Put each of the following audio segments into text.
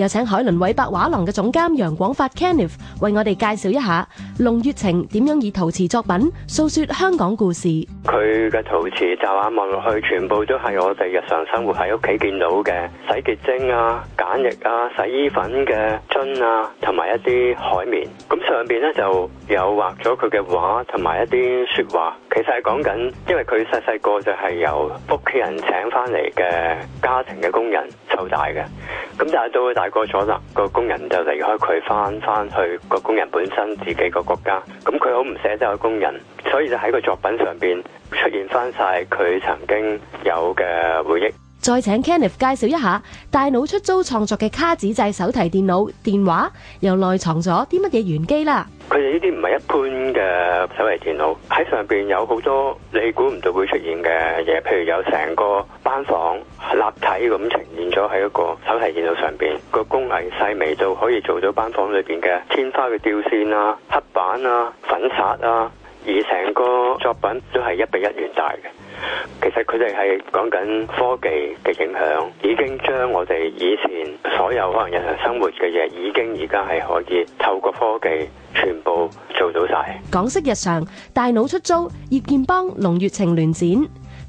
有請海倫韋伯畫廊嘅總監楊廣發 Kenneth 為我哋介紹一下龍月晴點樣以陶瓷作品訴說香港故事。佢嘅陶瓷就話望落去，全部都係我哋日常生活喺屋企見到嘅洗潔精啊、鹼液啊、洗衣粉嘅樽啊，同埋一啲海綿。咁上邊呢就有畫咗佢嘅畫同埋一啲說話。其實係講緊，因為佢細細個就係由屋企人請翻嚟嘅家庭嘅工人湊大嘅。咁但係到佢大個咗啦，個工人就離開佢，翻翻去個工人本身自己個國家。咁佢好唔捨得個工人，所以就喺個作品上邊出現翻晒佢曾經有嘅回憶。再請 Kenneth 介紹一下大腦出租創作嘅卡紙製手提電腦電話，又內藏咗啲乜嘢玄機啦？佢哋呢啲唔係一般嘅手提電腦，喺上邊有好多你估唔到會出現嘅嘢，譬如有成個班房立體咁呈現咗喺一個手提電腦上邊，個工藝細微到可以做到班房裏邊嘅天花嘅吊線啊、黑板啊、粉刷啊，而且作品都係一比一原大嘅，其實佢哋係講緊科技嘅影響，已經將我哋以前所有可能日常生活嘅嘢，已經而家係可以透過科技全部做到晒。港式日常，大腦出租，葉建邦、龍月晴聯展，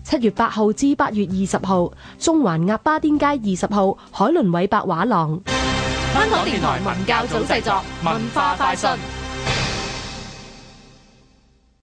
七月八號至八月二十號，中環鴨巴甸街二十號海倫偉伯畫廊。香港電台文教組製作，文化快訊。